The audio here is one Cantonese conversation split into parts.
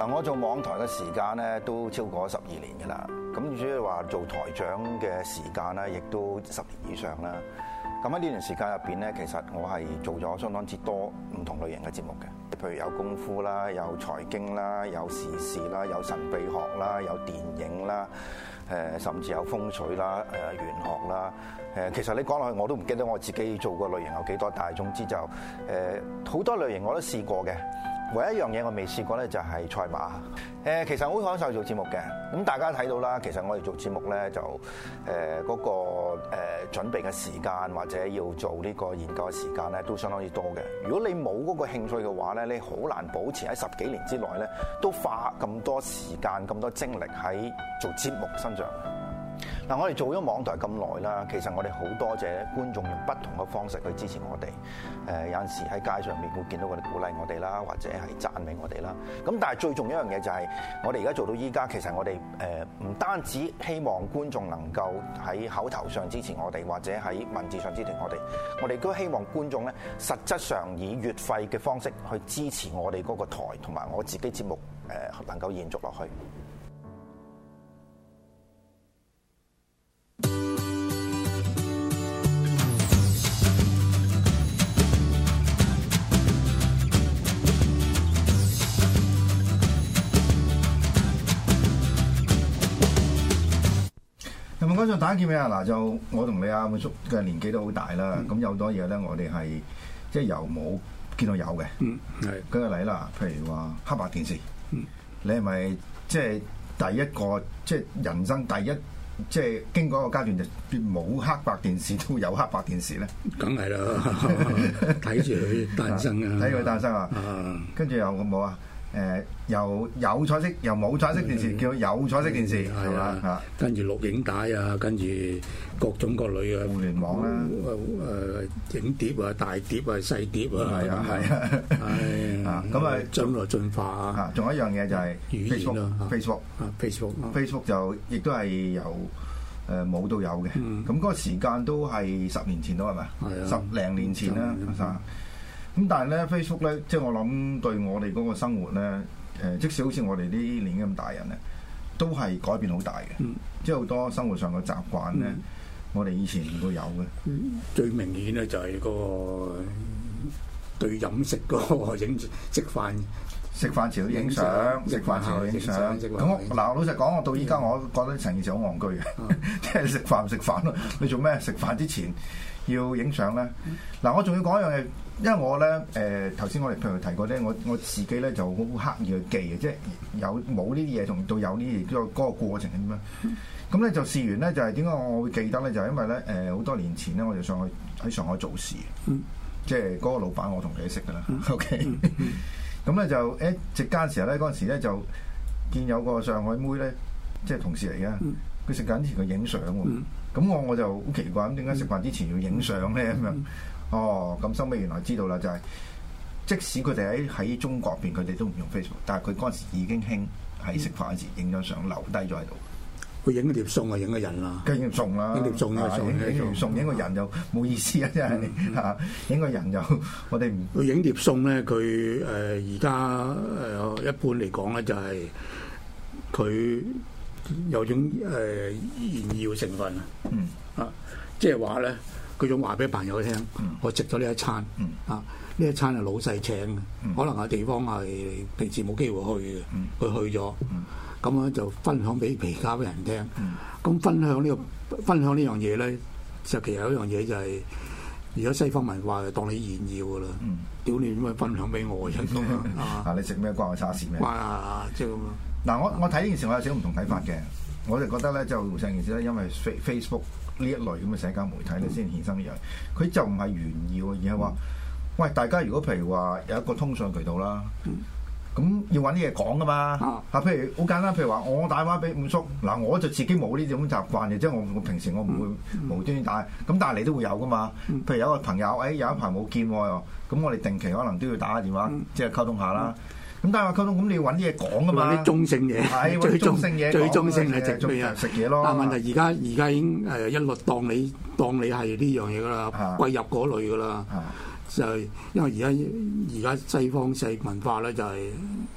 嗱，我做網台嘅時間咧都超過十二年㗎喇，咁主要話做台長嘅時間咧，亦都十年以上啦。咁喺呢段時間入邊咧，其實我係做咗相當之多唔同類型嘅節目嘅，譬如有功夫啦，有財經啦，有時事啦，有神秘學啦，有電影啦，誒，甚至有風水啦，誒、呃，玄學啦，誒、呃，其實你講落去我都唔記得我自己做過類型有幾多，但係總之就誒好、呃、多類型我都試過嘅。唯一一樣嘢我未試過咧，就係賽馬。誒，其實好享受做節目嘅。咁大家睇到啦，其實我哋做節目咧，就誒嗰個誒準備嘅時間，或者要做呢個研究嘅時間咧，都相當之多嘅。如果你冇嗰個興趣嘅話咧，你好難保持喺十幾年之內咧，都花咁多時間、咁多精力喺做節目身上。嗱，我哋做咗網台咁耐啦，其實我哋好多謝觀眾用不同嘅方式去支持我哋。誒有陣時喺街上面會見到佢哋鼓勵我哋啦，或者係讚美我哋啦。咁但係最重要一樣嘢就係，我哋而家做到依家，其實我哋誒唔單止希望觀眾能夠喺口頭上支持我哋，或者喺文字上支持我哋。我哋都希望觀眾咧，實質上以月費嘅方式去支持我哋嗰個台同埋我自己節目誒能夠延續落去。咁嗰陣打劍嘅啊，嗱、嗯、就我同你阿滿叔嘅年紀都好大啦，咁、嗯、有多嘢咧，我哋係即係由冇見到有嘅。嗯，係。舉個例啦，譬如話黑白電視，嗯、你係咪即係第一個即係、就是、人生第一即係、就是、經過一個階段就冇黑白電視到有黑白電視咧？梗係啦，睇住佢誕生啊！睇佢 誕生啊！啊，跟住又咁好啊！誒，又有彩色又冇彩色電視，叫有彩色電視，係嘛？跟住錄影帶啊，跟住各種各類嘅互聯網啦，誒，影碟啊，大碟啊，細碟啊，係啊，係啊，咁啊，將來進化啊，仲有一樣嘢就係 Facebook，Facebook，Facebook，Facebook 就亦都係由誒冇到有嘅，咁嗰個時間都係十年前咯，係咪？十零年前啦，啊。咁但係咧，Facebook 咧，即係我諗對我哋嗰個生活咧，誒，即使好似我哋啲年紀咁大人咧，都係改變好大嘅，嗯、即係好多生活上嘅習慣咧，嗯、我哋以前都有嘅。嗯、最明顯咧就係個對飲食嗰個影食、食飯。食飯前去影相，飯都食飯前去影相。咁嗱，那老實講，我到依家我覺得成件事好戇居嘅，即係、嗯、 食飯食飯咯，你做咩食飯之前要影相咧？嗱、嗯啊，我仲要講一樣嘢，因為我咧誒頭先我哋譬如提過咧，我我自己咧就好刻意去記嘅，即係有冇呢啲嘢，同到有呢啲嘢，即、那、嗰個過程係點樣？咁咧、嗯、就試完咧，就係點解我會記得咧？就係、是、因為咧誒好多年前咧，我就上去，喺上海做事，嗯、即係嗰個老闆我同你哋識噶啦、嗯。OK、嗯。嗯咁咧就誒，食街嘅時候咧，嗰陣時咧就見有個上海妹咧，即、就、係、是、同事嚟嘅，佢食緊之前佢影相喎，咁、嗯、我我就好奇怪，咁點解食飯之前要影相咧咁樣？嗯嗯嗯、哦，咁收尾原來知道啦，就係、是、即使佢哋喺喺中國邊，佢哋都唔用 Facebook，但係佢嗰陣時已經興喺食飯時影咗相留低咗喺度。佢影碟餸啊，影個人啦，梗係餸啦，影碟餸啊，影影完餸影個人就冇意思啊！真係嚇，影個人就我哋唔。佢影碟餸咧，佢誒而家誒一般嚟講咧，就係佢有種誒炫耀成分啊。嗯啊，即係話咧，佢想話俾朋友聽，我食咗呢一餐。啊，呢一餐係老細請嘅，可能個地方係平時冇機會去嘅，佢去咗。咁樣就分享俾其他啲人聽。咁分享呢、呢個分享個呢樣嘢咧，就其實有一樣嘢就係、是，如果西方文化就當你炫耀噶啦，嗯、屌你咁咪分享俾外人囉啊？你食咩關我叉屎咩？關啊，即係咁啊！嗱，我我睇呢件事我有少少唔同睇法嘅，嗯、我就覺得咧就成件事咧，因為 Face Facebook 呢一類咁嘅社交媒體咧先誕生呢樣，佢、嗯、就唔係炫耀，而係話，喂，大家如果譬如話有一個通訊渠道啦。嗯咁要揾啲嘢講噶嘛？啊，譬如好簡單，譬如話我打電話俾五叔，嗱我就自己冇呢種習慣嘅，即係我我平時我唔會無端端打，咁但係你都會有噶嘛？譬如有一個朋友，誒有一排冇見喎又，咁我哋定期可能都要打下電話，即係溝通下啦。咁但係話溝通，咁你要揾啲嘢講噶嘛？啲中性嘢，最中性嘢，最中性係食嘢啊！食嘢咯。但問題而家而家已經誒一律當你當你係呢樣嘢噶啦，歸入嗰類噶啦。就係因為而家而家西方世文化咧，就係、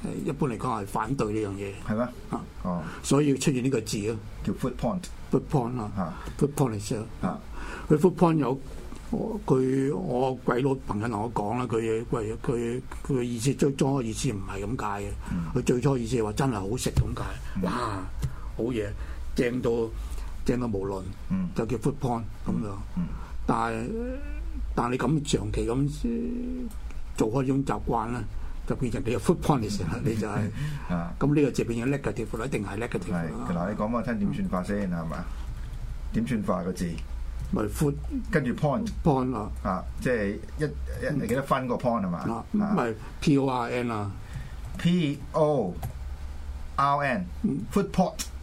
是、誒一般嚟講係反對呢樣嘢，係咩？啊哦，所以出現呢個字 Porn, Food Porn, 啊，叫 Food Porn，Food Porn 啦，就是啊，Food Porn 嚟佢 Food Porn 有佢我鬼佬朋友同我講啦，佢佢佢佢意思最、嗯、最初意思唔係咁解嘅，佢最初意思係話真係好食咁解，哇好嘢，正到正到無論，嗯、就叫 Food Porn 咁樣。但係。但你咁長期咁做開一種習慣咧，就變成你個 food porn 嘅時候，你就係咁，呢個就變咗 negative，一定係 negative。嗱，你講返我聽點轉化先啦，係嘛？點轉化個字咪 food 跟住 point point 咯啊，即係一一係幾多分個 point，係嘛？啊，咁咪 p o r n 啊，p o r n food porn。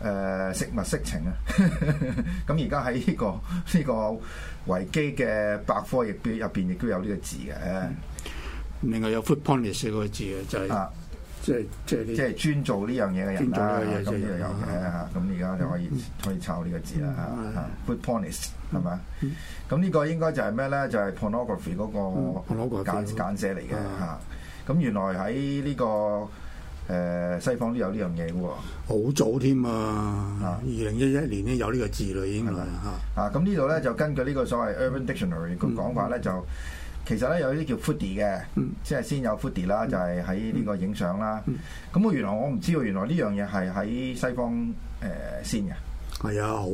誒食物色情啊！咁而家喺呢個呢個維基嘅百科入邊，入邊亦都有呢個字嘅。另外有 foodporness 嗰個字嘅，就係即係即係即係專做呢樣嘢嘅人，咁有嘅嚇，咁而家就可以可以抄呢個字啦 foodporness 係嘛？咁呢個應該就係咩咧？就係 pornography 嗰個簡簡寫嚟嘅嚇。咁原來喺呢個。誒西方都有呢樣嘢嘅喎，好早添啊！二零一一年咧有呢個字啦，已經啦啊！咁呢度咧就根據呢個所謂 Urban Dictionary 嘅講法咧，嗯、就其實咧有啲叫 Foodie 嘅，嗯、即係先有 Foodie 啦，嗯、就係喺呢個影相啦。咁我、嗯、原來我唔知道，原來呢樣嘢係喺西方誒、呃、先嘅。係啊、哎，好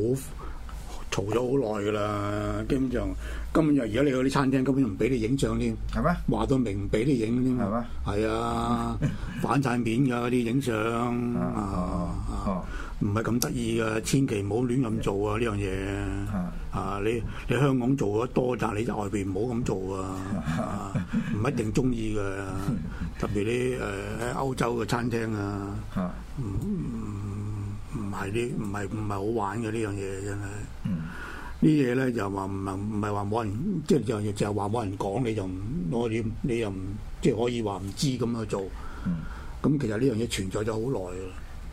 嘈咗好耐㗎啦，基本上。今日如果你去啲餐廳，根本就唔俾你影相添，話到明唔俾你影添，係啊，反晒面㗎啲影相啊，唔係咁得意㗎，千祈唔好亂咁做啊呢樣嘢啊！你你香港做得多，但係你外邊唔好咁做啊，唔一定中意㗎，特別啲誒喺歐洲嘅餐廳啊，唔唔唔係啲唔係唔係好玩嘅呢樣嘢真係。呢啲嘢咧就話唔係唔係話冇人，即係就就話冇人講，你就唔我點你又唔即係可以話唔知咁去做？嗯，咁其實呢樣嘢存在咗好耐啦。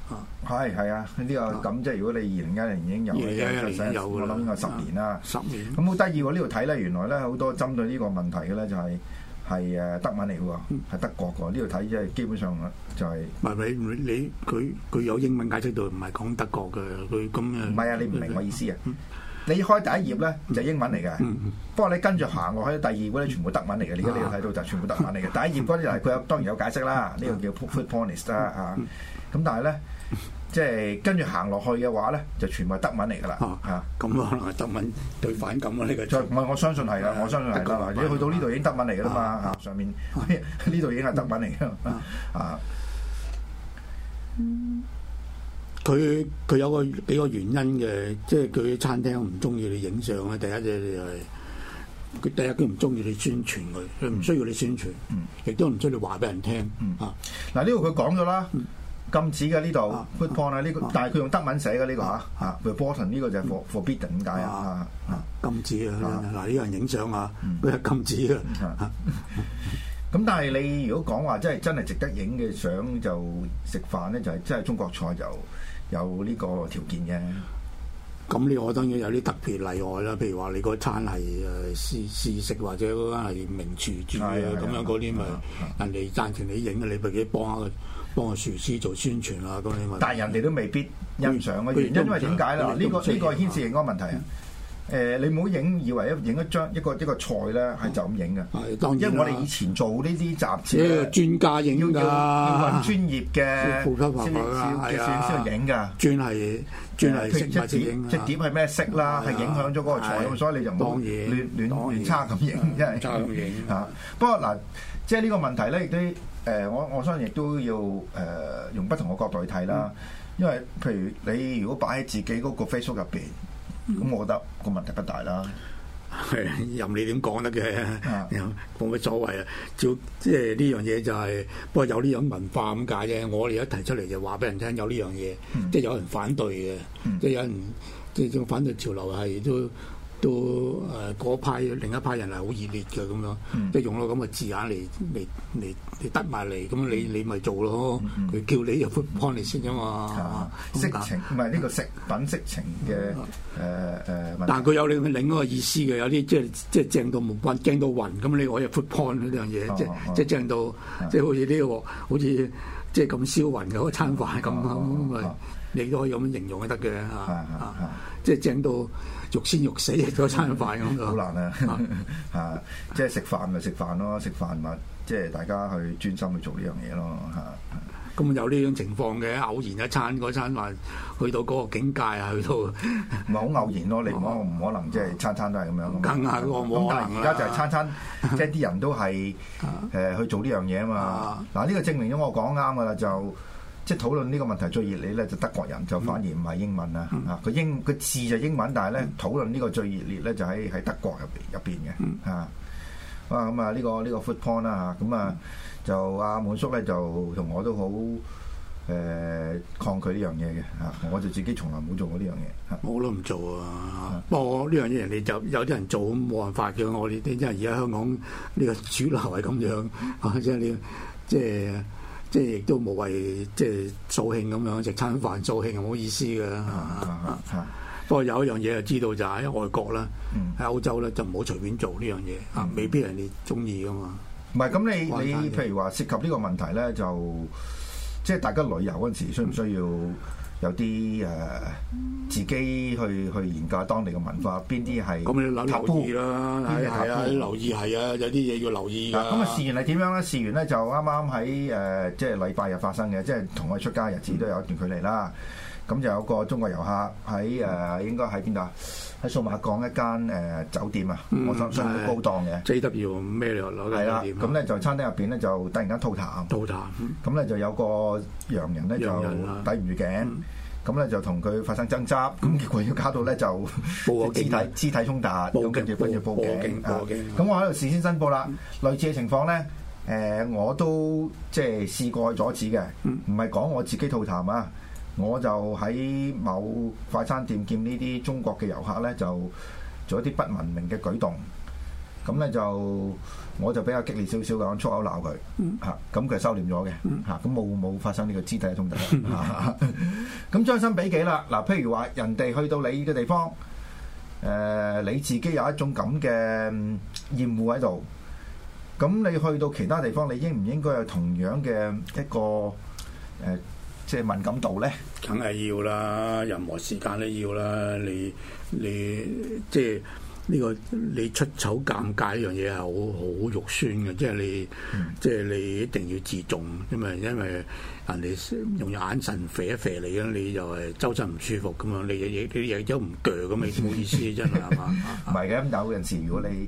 啊，係係啊，呢個咁即係如果你二零一零已經有嘅，我諗個十年啦。十年。咁好得意喎，呢度睇咧，原來咧好多針對呢個問題嘅咧就係係誒德文嚟嘅喎，係德國嘅。呢度睇即係基本上就係。唔係你你佢佢有英文解釋度唔係講德國嘅佢咁誒。唔係啊！你唔明我意思啊？你開第一頁咧就英文嚟嘅，不過你跟住行落去第二嗰啲全部德文嚟嘅。而家你睇到就全部德文嚟嘅。第一頁嗰啲就係佢有當然有解釋啦，呢個叫 Food Porn 啦嚇。咁但係咧，即係跟住行落去嘅話咧，就全部德文嚟噶啦嚇。咁可能係德文對反感啊呢個。再唔係我相信係啦，我相信係啦。你去到呢度已經德文嚟噶啦嘛嚇，上面呢度已經係德文嚟嘅啊。佢佢有個幾個原因嘅，即係佢餐廳唔中意你影相啊！第一就係、是、佢第一佢唔中意你宣傳佢，佢唔需要你宣傳，亦都唔需要你話俾人聽，啊。嗱呢度佢講咗啦，禁止嘅呢度，put 呢個，啊啊、但係佢用德文寫嘅呢個嚇，嚇、啊，唔係 verboten 呢個就係 for、嗯、forbidden 解呀啊，禁止啊，嗱呢個係影相啊，都係禁止嘅，咁、嗯嗯 嗯、但係你如果講話真係真係值得影嘅相，就食飯咧就係真係中國菜就。 有呢個條件嘅，咁呢我當然有啲特別例外啦，譬如話你嗰餐係誒私私食或者嗰間係名廚煮啊，咁、哎、呀樣嗰啲咪人哋贊成你影，你咪幾幫下幫個廚師做宣傳啊，咁你咪。但係人哋都未必欣賞嘅原因，因為點解啦？呢個呢個牽涉人個問題啊。誒，你唔好影，以為影一張一個一個菜咧，係就咁影嘅。係當然因為我哋以前做呢啲雜誌，咧，專家影㗎，要揾專業嘅，要攝影師去影㗎。專係專係食物攝影即點係咩色啦？係影響咗嗰個菜，所以你就唔好亂亂亂差咁影，真係影嚇。不過嗱，即係呢個問題咧，亦都誒，我我相信亦都要誒，用不同嘅角度去睇啦。因為譬如你如果擺喺自己嗰個 Facebook 入邊，咁、 嗯、我覺得個問題不大啦，係 任你點講得嘅，冇乜所謂。照 即 係呢樣嘢就係、是、不過有呢樣文化咁解啫。我哋一提出嚟就話俾人聽有呢樣嘢，嗯、即係有人反對嘅，嗯、即係有人即係反對潮流係都。到誒嗰派另一派人係好熱烈嘅咁樣，即係用咗咁嘅字眼嚟嚟嚟嚟得埋嚟，咁你你咪做咯。佢叫你又 food porn 嚟先㗎嘛，色情唔係呢個食品色情嘅誒誒。但係佢有你另一個意思嘅，有啲即係即係正到冇關，正到暈咁。你我又 food porn 呢樣嘢，即係即係正到，即係好似呢個好似即係咁銷魂嘅嗰餐飯咁啊。你都可以咁樣形容得嘅嚇，即係正到肉鮮肉死咗餐飯咁咯。好難啊！嚇，即係食飯咪食飯咯，食飯咪，即係大家去專心去做呢樣嘢咯嚇。咁有呢種情況嘅偶然一餐嗰餐飯去到嗰個境界啊，去到唔係好偶然咯。你唔可唔可能即係餐餐都係咁樣？梗係啦，咁但係而家就係餐餐，即係啲人都係誒去做呢樣嘢啊嘛。嗱，呢個證明咗我講啱噶啦就。即係討論呢個問題最熱烈咧，就德國人就反而唔係英文啦嚇，佢、嗯啊、英佢字就英文，但係咧、嗯、討論呢個最熱烈咧就喺喺德國入入邊嘅嚇。哇、啊，咁啊呢、啊呢個呢、呢個 Food Porn 啦、啊、嚇，咁啊就阿、啊、滿叔咧就同我都好誒、呃、抗拒呢樣嘢嘅嚇，我就自己從來冇做過呢樣嘢嚇，我都唔做啊。啊不過呢樣嘢人哋就有啲人做冇辦法嘅，我哋啲人因為而家香港呢、呢個主流係咁樣即係、啊即係、你即係。即係即係亦都冇謂即係掃興咁樣食餐飯掃興，係冇意思嘅。不過有一樣嘢就知道就喺、是、外國啦，喺、嗯、歐洲咧就唔好隨便做呢樣嘢啊，嗯、未必人哋中意噶嘛。唔係咁你你譬如話涉及呢個問題咧，就即係大家旅遊嗰時需唔需要？嗯有啲誒、呃，自己去去研究當地嘅文化，邊啲係你留意啦？係啊，啊你留意係啊，有啲嘢要留意。咁啊、嗯，事完事緣係點樣咧？事完事緣咧就啱啱喺誒，即係禮拜日發生嘅，即係同我出街嘅日子、嗯、都有一段距離啦。咁就有個中國遊客喺誒，應該喺邊度啊？喺數碼港一間誒酒店啊，我想相當高檔嘅。JW 咩嚟啊？係啦，咁咧就餐廳入邊咧就突然間吐痰。吐痰。咁咧就有個洋人咧就抵唔住頸，咁咧就同佢發生爭執，咁結果要搞到咧就即係肢體肢體衝突，咁跟住跟住報警。警。咁我喺度事先申報啦，類似嘅情況咧，誒我都即係試過去阻止嘅，唔係講我自己吐痰啊。我就喺某快餐店見呢啲中國嘅遊客呢，就做一啲不文明嘅舉動，咁呢，就我就比較激烈少少，講粗口鬧佢，嚇咁佢收斂咗嘅，嚇咁冇冇發生呢個肢體嘅衝突。咁將心比己啦？嗱、啊，譬如話人哋去到你嘅地方，誒、呃、你自己有一種咁嘅厭惡喺度，咁你去到其他地方，你應唔應該有同樣嘅一個誒？呃呃即係敏感度咧，梗係要啦，任何時間都要啦。你你即係呢、這個你出醜尷尬呢樣嘢係好好肉酸嘅，即係你、嗯、即係你一定要自重，因為因為人哋用眼神肥一肥你啊，你就係周身唔舒服咁樣，你你你又唔鋸咁，你冇意思 真係係嘛？唔係嘅，有陣時如果你。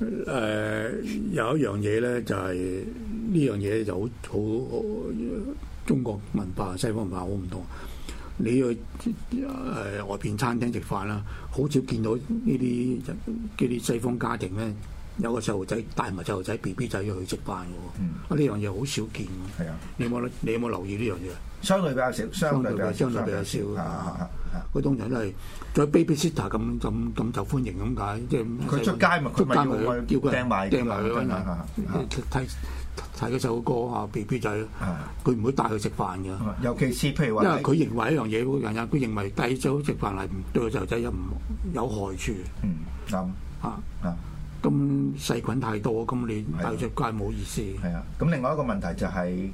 誒、呃、有一樣嘢咧，就係呢樣嘢就好好、呃、中國文化、西方文化好唔同。你去誒、呃、外邊餐廳食飯啦，好少見到呢啲呢啲西方家庭咧，有個細路仔帶埋細路仔、B B 仔去食飯嘅喎。啊、嗯，呢樣嘢好少見。係啊你，你有冇你有冇留意呢樣嘢？相對比較少，相對比較少。嗰種人都係，仲有 baby sitter 咁咁咁受歡迎咁解，即係佢出街咪，佢咪叫佢掟埋掟埋佢嗰睇睇佢細佬哥嚇，BB 仔，佢唔、啊啊、會帶佢食飯㗎、啊。尤其是譬如話，因為佢認為一樣嘢，人佢認為帶早食飯係對個細路仔又唔有害處。嗯，啱、啊、嚇。咁、啊啊啊、細菌太多，咁你帶佢出街冇意思。係啊。咁另外一個問題就係、是。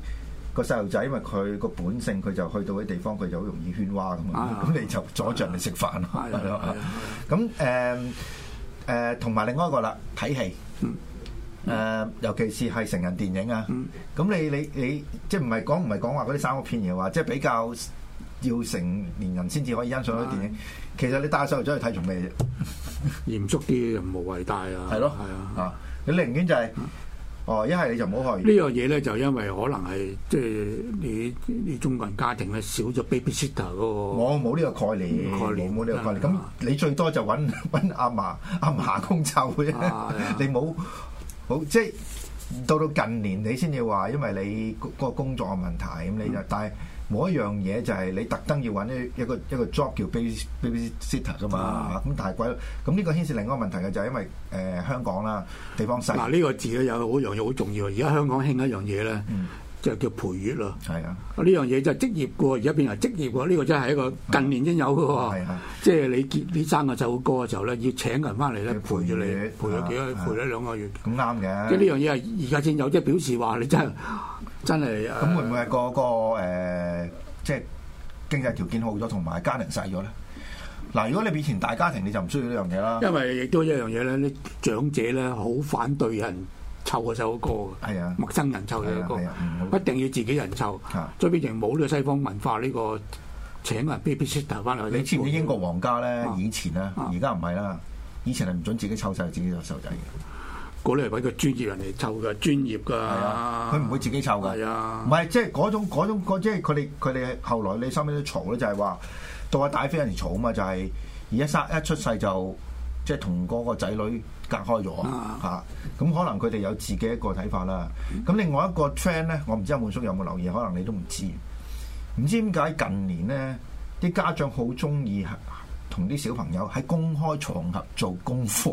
個細路仔，因為佢個本性，佢就去到啲地方，佢就好容易喧嘩㗎嘛！咁你就阻住人哋食飯咯。咁誒誒，同埋另外一個啦，睇戲。誒，尤其是係成人電影啊。咁你你你，即係唔係講唔係講話嗰啲三級片，而係話即係比較要成年人先至可以欣賞嗰啲電影。其實你帶細路仔去睇做咩啫？嚴肅啲，無謂帶啊。係咯，係啊，你寧願就係。哦，一係你就唔好去呢樣嘢咧，就因為可能係即係你啲中國人家庭咧少咗 baby sitter 嗰個我冇呢個概念，概念冇呢個概念。咁你最多就揾阿嫲、阿嫲公湊啫。啊啊、 你冇好即係到到近年你先至話，因為你嗰、嗰個工作嘅問題咁，啊、你就但係。冇一樣嘢就係你特登要揾一一個一個 job 叫 baby babysitter 㗎嘛，咁大鬼啦。咁呢個牽涉另一個問題嘅就係因為誒香港啦，地方細。嗱呢個字咧有好一樣嘢好重要，而家香港興一樣嘢咧，就叫陪月咯。係啊，呢樣嘢就職業嘅喎，而家變為職業喎，呢個真係一個近年先有嘅喎。即係你結啲生個細路哥嘅時候咧，要請人翻嚟咧，陪住你陪咗幾個陪咗兩個月。咁啱嘅。即係呢樣嘢係而家先有，即係表示話你真係。真係咁、嗯、會唔會係、嗰個個、呃、即係經濟條件好咗，同埋家庭細咗咧？嗱、呃，如果你以前大家庭，你就唔需要呢樣嘢啦。因為亦都一樣嘢咧，啲長者咧好反對人湊個細佬哥啊，陌生人湊嘢歌，啊啊、一定要自己人湊。啊、最典型冇呢個西方文化呢、呢個請人 babysitter 翻嚟。B、你知唔知英國皇家咧、啊、以前啊，而家唔係啦，以前係唔准自己湊晒自己個細仔嘅。嗰類揾個專業人嚟湊噶，專業噶，佢唔、啊、會自己湊噶。唔係是、啊，即係嗰種嗰種，即係佢哋佢哋後來你收尾都嘈咯，就係、是、話到阿大飛人陣嘈啊嘛，就係、是、而家生一出世就即係同嗰個仔女隔開咗嚇。咁、啊啊、可能佢哋有自己一個睇法啦。咁另外一個 trend 咧，我唔知阿滿叔有冇留意，可能你都唔知。唔知點解近年咧啲家長好中意同啲小朋友喺公開場合做功課。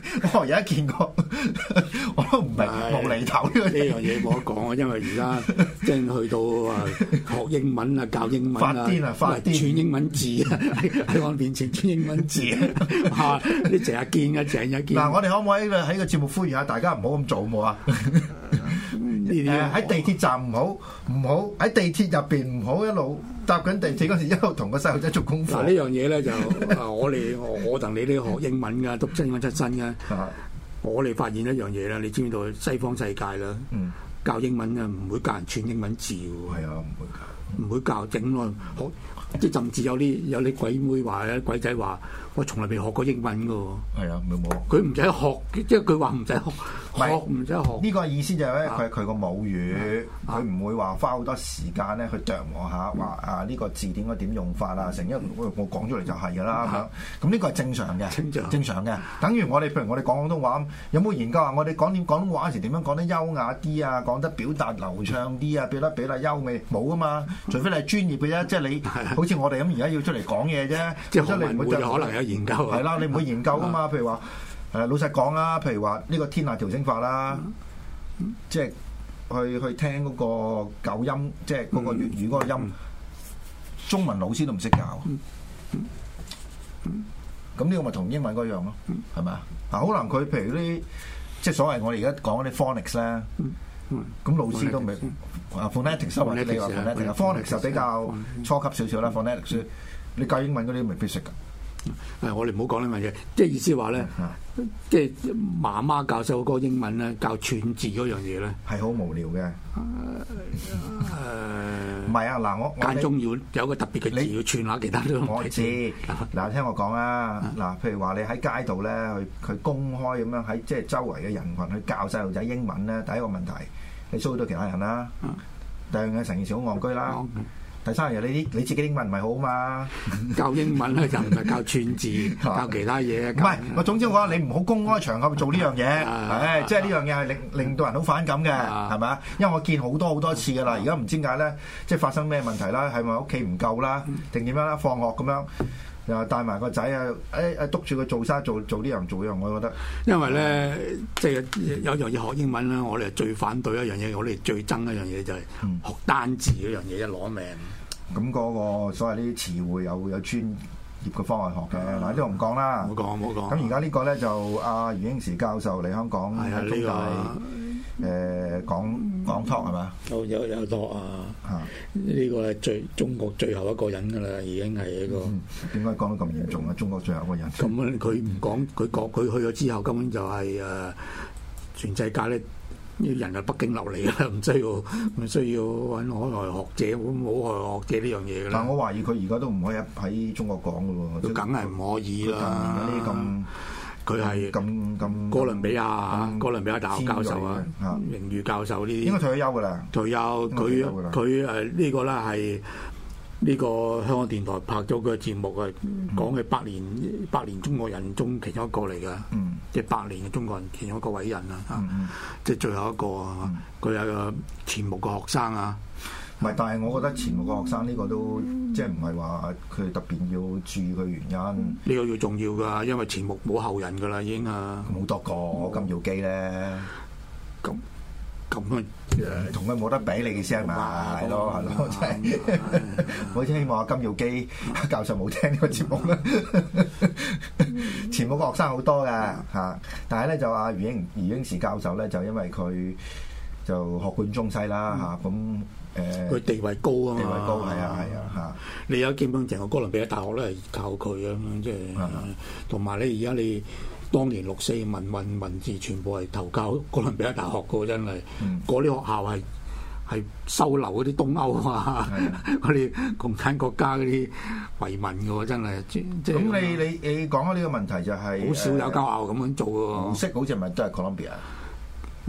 我而家見過，我都唔明無厘頭呢個。呢樣嘢冇得講啊，因為而家即係去到學英文啊，教英文啊，發癲啊，發癲，轉英文字，喺我面前轉英文字啊，嚇！你成日見啊，成日見。嗱，我哋可唔可以喺個節目呼籲下大家唔好咁做好冇啊？誒，喺地鐵站唔好，唔好喺地鐵入邊唔好一路搭緊地鐵嗰時一路同個細路仔做功課。嗱，呢樣嘢咧就我哋我同你哋學英文噶，讀英文出身噶。 我哋發現一樣嘢啦，你知唔知道？西方世界啦，教英文啊，唔會教人串英文字喎。係啊，唔 會教，唔會教整咯。即係甚至有啲有啲鬼妹話，有啲鬼仔話。我從來未學過英文嘅喎。係啊，冇。佢唔使學，即係佢話唔使學，學唔使學。呢個意思就係咧，佢係佢個母語，佢唔會話花好多時間咧去琢磨下，話啊呢個字典嘅點用法啊，成一我講出嚟就係㗎啦。咁樣，咁呢個係正常嘅，正常嘅。等於我哋，譬如我哋講廣東話，有冇研究啊？我哋講點廣東話嘅時點樣講得優雅啲啊？講得表達流暢啲啊？表得比較優美，冇啊嘛。除非你係專業嘅啫，即係你，好似我哋咁而家要出嚟講嘢啫。即係可能。研究係啦，你唔會研究㗎嘛？譬如話，誒老實講啦，譬如話呢個天下調整法啦，即係去去聽嗰個九音，即係嗰個粵語嗰個音，中文老師都唔識教。咁呢個咪同英文嗰樣咯，係咪啊？啊，可能佢譬如啲即係所謂我哋而家講嗰啲 phonics 咧，咁老師都未啊 phonetics 啊，或者你話 phonetics，phonics 就比較初級少少啦。phonetics 書你教英文嗰啲未必識㗎。誒，我哋唔好講呢樣嘢，即係意思話咧，即係媽媽教細佬哥英文咧，教串字嗰樣嘢咧，係好無聊嘅。誒，唔係啊，嗱，我間中要有個特別嘅字你要串下其他咯。我知，嗱，聽我講啊，嗱，譬如話你喺街度咧，佢佢公開咁樣喺即係周圍嘅人群去教細路仔英文咧，第一個問題，你騷擾到其他人啦，第二嘅成日想戇居啦。第三樣嘢，你啲你自己英文唔係好嘛、 啊？ 教英文咧、啊，又唔係教串字，教其他嘢。唔係，我總之我話你唔好公開場合做呢樣嘢，誒、嗯，即係呢樣嘢係令、嗯、令到人好反感嘅，係咪、嗯、啊？因為我見好多好多次噶啦，而家唔知點解咧，即、就、係、是、發生咩問題啦？係咪屋企唔夠啦，定點樣啦？放學咁樣。又帶埋個仔啊！誒誒督住佢做生做做呢樣做樣，我覺得，因為咧、嗯、即係有樣嘢學英文啦，我哋最反對一樣嘢，我哋最憎一樣嘢、嗯、就係學單字嗰樣嘢一攞命。咁嗰、嗯、個所謂呢啲詞彙有有專業嘅方法學嘅，嗱、嗯，呢度唔講啦。唔講唔講。咁而家呢個咧就阿余英時教授嚟香港喺、嗯啊、中大。誒講講託係嘛？有有有託啊！嚇、啊，呢個係最中國最後一個人㗎啦，已經係一個點解講得咁嚴重啊？中國最後一個人。咁佢唔講佢國，佢去咗之後，根本就係、是、誒、啊、全世界咧，啲人係北京流嚟㗎，唔需要唔需要揾海外學者，冇海外學者呢樣嘢啦。但我懷疑佢而家都唔可以喺中國講㗎喎，都梗係唔可以啦。啊啊佢係咁咁，哥倫比亞哥倫比亞大學教授啊，榮譽、嗯嗯嗯、教授呢啲。應該退咗休噶啦。退休，佢佢誒呢個啦係呢個香港電台拍咗個節目啊，嗯、講係百年百年中國人中其中一個嚟噶，嗯、即係百年嘅中國人其中一個偉人啦，嗯嗯、即係最後一個佢、嗯、有個前目嘅學生啊。唔係，但係我覺得錢穆個學生呢個都即係唔係話佢特別要注意嘅原因。呢個要重要㗎，因為錢穆冇後人㗎啦已經啊，冇多個金耀基咧。咁咁佢同佢冇得比你先係嘛？係咯係咯，真係我真希望金耀基教授冇聽呢個節目啦。錢穆個學生好多㗎嚇，但係咧就啊余英余英時教授咧就因為佢。就學貫中西啦嚇，咁誒，佢地位高啊嘛，地位高係啊係啊嚇。你而家見到成個哥倫比亞大學咧係靠佢啊，即係同埋你而家你當年六四民運文字全部係投靠哥倫比亞大學個真係，嗰啲學校係係收留嗰啲東歐啊，嗰啲共產國家嗰啲遺民嘅喎真係。咁你你你講開呢個問題就係，好少有高校咁樣做喎，唔識好似係咪都係哥倫比亞。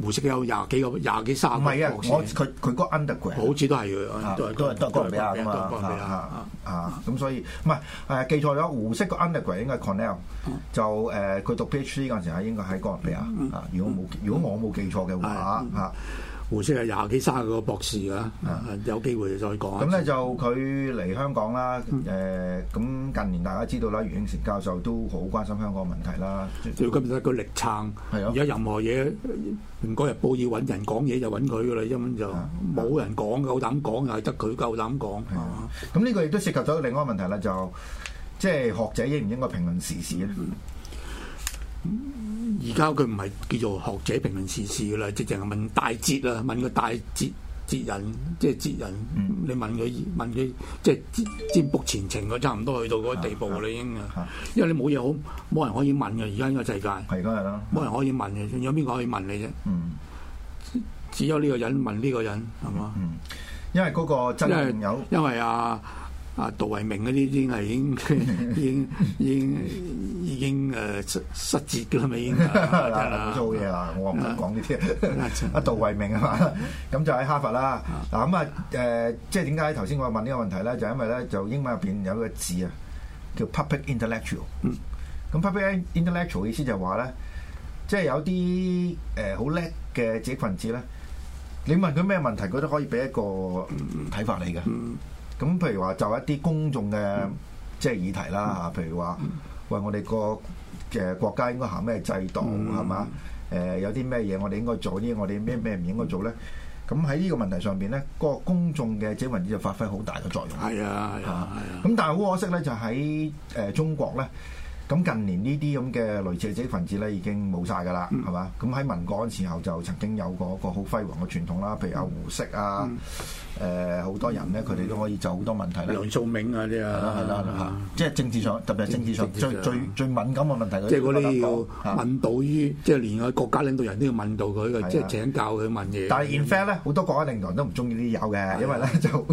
胡適有廿幾個，廿幾三個博士唔係啊，我佢佢嗰 undergraduate 好似都係，都係都係哥倫比亞啊嘛，哥倫比亞啊啊咁所以唔係誒記錯咗，胡適個 undergraduate 應該係 Cornell，就誒佢讀 PhD 嗰陣時係應該喺哥倫比亞啊，啊如果冇如果我冇記錯嘅話啊。胡適係廿幾卅個博士㗎，啊有機會再講。咁咧就佢嚟香港啦，誒咁近年大家知道啦，余英時教授都好關心香港問題啦。最今日個力撐，而家任何嘢《明報》要揾人講嘢就揾佢㗎啦，因為就冇人講，夠膽講又係得佢夠膽講。咁呢個亦都涉及咗另外一個問題啦，就即係學者應唔應該評論時事咧？而家佢唔係叫做學者評論時事噶啦，直情問大哲啊，問個大哲哲人，即係哲人，嗯、你問佢問佢即係占卜前程，佢差唔多去到嗰個地步啦已經啊，啊因為你冇嘢好，冇人可以問嘅。而家呢個世界，冇人可以問嘅。啊、有邊個可以問你啫？嗯只，只有呢個人問呢個人係嘛？嗯，嗯，因為嗰個真朋友，因為阿。啊啊，杜維明嗰啲已經係已經已經已經已經誒失失節噶啦嘛，已經得做嘢啦，我唔得講呢啲。阿杜維明啊嘛，咁就喺哈佛啦。嗱咁 啊誒、啊啊，即係點解頭先我問呢個問題咧？就是、因為咧，就英文入邊有個字啊，叫 public intellectual、嗯。咁 public intellectual 意思就係話咧，即、就、係、是、有啲誒好叻嘅知識分子咧，你問佢咩問題，佢都可以俾一個睇法你嘅。嗯咁譬如話，就一啲公眾嘅即係議題啦嚇，譬如話，喂，我哋個嘅國家應該行咩制度，係嘛？誒、mm hmm. 呃，有啲咩嘢我哋應該做啲，我哋咩咩唔應該做咧？咁喺呢個問題上面咧，個公眾嘅知識分子就發揮好大嘅作用。係、mm hmm. 啊，係啊，咁但係好可惜咧，就喺、是、誒、呃、中國咧。咁近年呢啲咁嘅類似嘅分子咧，已經冇晒噶啦，係嘛？咁喺民國嘅時候就曾經有過一個好輝煌嘅傳統啦，譬如有胡適啊，誒好多人咧，佢哋都可以就好多問題咧。梁漱溟啊啲啊，係啦，係啦，即係政治上，特別係政治上最最敏感嘅問題，即係嗰啲要問到於，即係連佢國家領導人都要問到佢嘅，即係請教佢問嘢。但係 in fact 咧，好多國家領導人都唔中意呢啲有嘅，因為咧就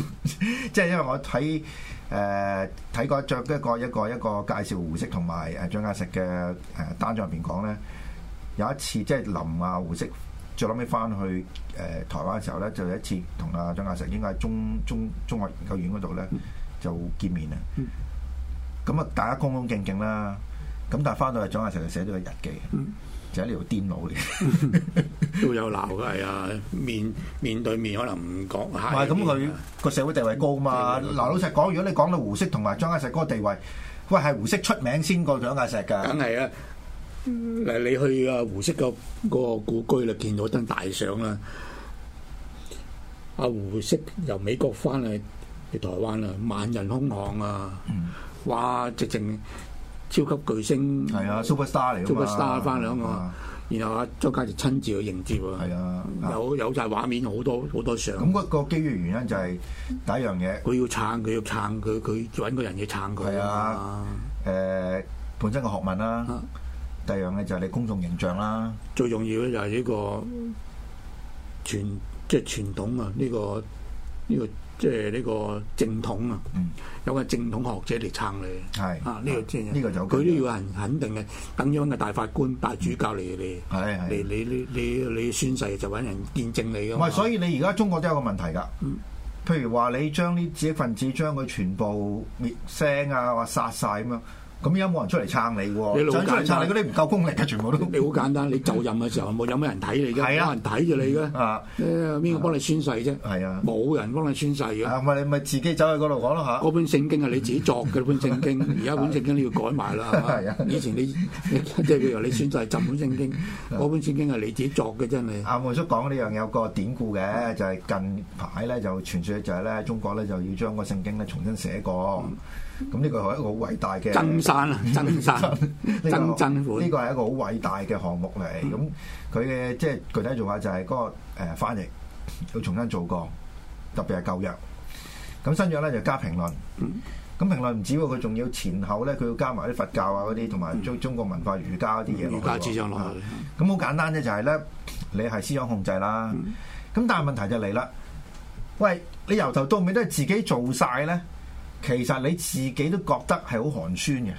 即係因為我睇。誒睇過著一個一個一個介紹胡適同埋誒蔣介石嘅誒單張入邊講咧，有一次即係、就是、林啊胡適，最後尾翻去誒台灣嘅時候咧，就有一次同啊蔣介石應該係中中中央研究院嗰度咧就見面啊。咁啊，大家恭恭敬敬啦。咁但係翻到去蔣介石就寫咗個日記。嗯喺呢度癲佬嘅， 都有鬧嘅係啊，面面對面可能唔講。唔係咁佢個社會地位高嘛？嗱，老實講，如果你講到胡適同埋蔣介石嗰個地位，喂係胡適出名先過蔣介石噶。梗係啊，嗱你去阿、啊、胡適個個故居啦，見到一張大相啊。阿、啊、胡適由美國翻嚟台灣啊，萬人空巷啊，哇，直情。超級巨星係啊，super star 嚟啊嘛，super star 翻嚟啊，然後阿周家就親自去迎接喎。啊，有有曬畫面，好多好多相。咁嗰個機遇原因就係第一樣嘢，佢要撐，佢要撐，佢佢揾個人去撐佢啊嘛、呃。本身嘅學問啦。啊、第二樣嘢就係你公眾形象啦。最重要咧、這個、就係呢個傳即係傳統啊！呢、這個要。這個這個即係呢個正統啊，嗯、有個正統學者嚟撐你。係是啊，呢個即係呢個就佢都要人肯定嘅，等樣嘅大法官、嗯、大主教嚟嚟嚟你、嗯、你是你是你，你，你，你宣誓就揾人見證你㗎嘛。唔係，所以你而家中國都有個問題㗎。嗯、譬如話你將啲異己分子將佢全部滅聲啊，或殺晒。咁樣。咁有冇人出嚟撐你？你老闆出嚟撐你嗰啲唔夠功力嘅，全部都你好簡單。你就任嘅時候冇有咩人睇你嘅，冇人睇住你嘅。啊，邊個幫你宣誓啫？係啊，冇人幫你宣誓嘅。啊，咪你咪自己走去嗰度講咯嚇。嗰本聖經係你自己作嘅本聖經，而家本聖經你要改埋啦，係嘛？係啊，以前你即係譬如你宣誓執本聖經，嗰本聖經係你自己作嘅真係。阿茂叔講呢樣有個典故嘅，就係近排咧就傳説就係咧中國咧就要將個聖經咧重新寫過。咁呢個係一個好偉大嘅增刪啊！增刪增增換呢個係一個好偉大嘅項目嚟。咁佢嘅即係具體做法就係嗰、嗰個翻譯、呃、要重新做過，特別係舊約。咁新約咧就加評論。咁、嗯、評論唔止喎，佢仲要前後咧，佢要加埋啲佛教啊嗰啲，同埋中中國文化儒家啲嘢落去、儒家思想落去。咁好簡單啫，就係咧，你係思想控制啦。咁、嗯嗯、但係問題就嚟啦，喂，你由頭到尾都係自己做晒咧？其實你自己都覺得係好寒酸嘅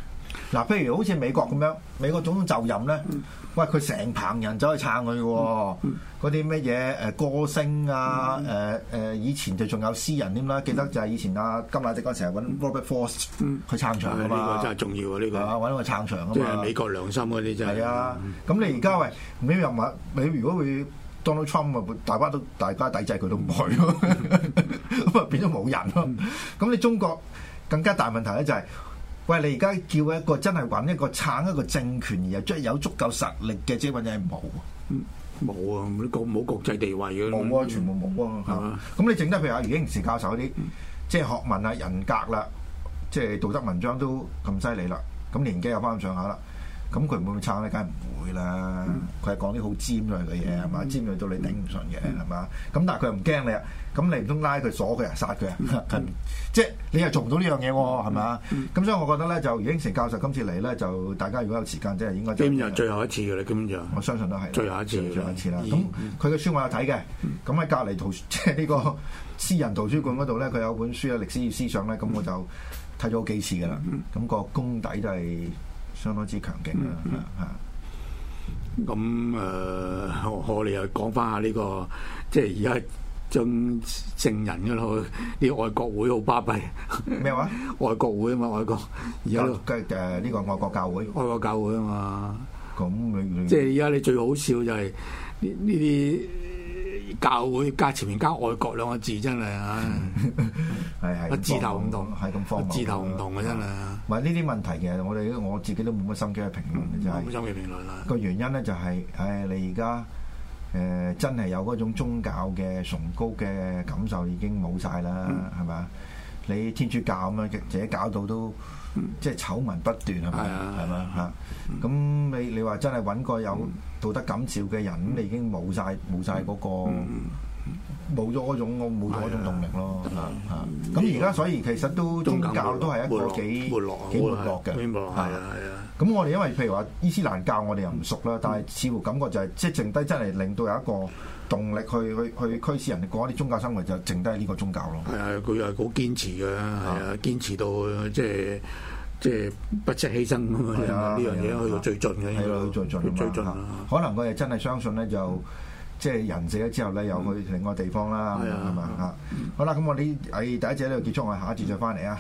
嗱，譬、啊、如好似美國咁樣，美國總統就任咧，喂，佢成棚人走去撐佢喎，嗰啲咩嘢誒歌星啊，誒誒、嗯呃、以前就仲有詩人添啦，記得就係以前阿甘迺迪嗰陣時揾 Robert Frost 去撐場㗎嘛，呢、啊這個真係重要啊！呢、這個揾個、啊、撐場啊，即係美國良心嗰啲真係。咁你而家喂，你又話你如果會？Donald Trump 啊，大家都大家抵制佢都唔去咯，咁啊 變咗冇人咯。咁你中國更加大問題咧就係、是，喂你而家叫一個真係揾一個撐一個政權，又足有足夠實力嘅，即係乜嘢冇？冇啊！冇國際地位嘅冇啊，全部冇啊。嚇！咁 你整得譬如話余英時教授嗰啲， 即係學問啊、人格啦，即係道德文章都咁犀利啦，咁年紀又翻咁上下啦。咁佢唔會撐咧，梗係唔會啦。佢係講啲好尖銳嘅嘢係嘛，尖銳到到你頂唔順嘅係嘛。咁但係佢又唔驚你，咁你唔通拉佢鎖佢啊，殺佢啊？即係你又做唔到呢樣嘢喎，係嘛？咁所以我覺得咧，就余英時教授今次嚟咧，就大家如果有時間即係應該。今日最後一次嘅啦，今日。我相信都係。最後一次最後一次啦。咁佢嘅書我有睇嘅，咁喺隔離圖，即係呢個私人圖書館嗰度咧，佢有本書咧《歷史與思想》咧，咁我就睇咗幾次㗎啦。咁個功底都係。相當之強勁啦！咁誒、uh, 啊，我哋又講翻下呢、呢個，即係而家真聖人噶啦，啲外國會好巴閉咩話？外國會啊嘛，外國而家嘅呢個外國教會，外國教會啊嘛，咁你即係而家你最好笑就係呢呢啲。教會加前面加外國兩個字真係啊，個 字頭唔同，係咁荒謬，個字頭唔同嘅真係。唔係呢啲問題其實，我哋我自己都冇乜心機去評論嘅，嗯、就係、是、冇心機評論啦。個原因咧就係、是，唉、嗯哎，你而家誒真係有嗰種宗教嘅崇高嘅感受已經冇晒啦，係咪、嗯？你天主教咁樣嘅，自己搞到都即係醜聞不斷，係咪？係嘛嚇！咁你你話真係揾個有道德感召嘅人，咁你已經冇晒冇曬嗰個，冇咗嗰種，我冇咗嗰種動力咯嚇！咁而家所以其實都宗教都係一個幾幾沒落嘅，係啊係啊。SC 咁我哋因為譬如話伊斯蘭教我哋又唔熟啦，但係似乎感覺就係即係剩低真係令到有一個動力去去去驅使人哋過一啲宗教生活，就剩低呢個宗教咯。係啊，佢又係好堅持嘅，係啊，堅持到即係即係不惜犧牲咁樣呢樣嘢去到最盡嘅，係最盡最盡可能佢又真係相信咧，就即係人死咗之後咧，又去另外地方啦，係啊，係嘛嚇。好啦，咁我哋喺第一節呢度結束，我哋下一節再翻嚟啊。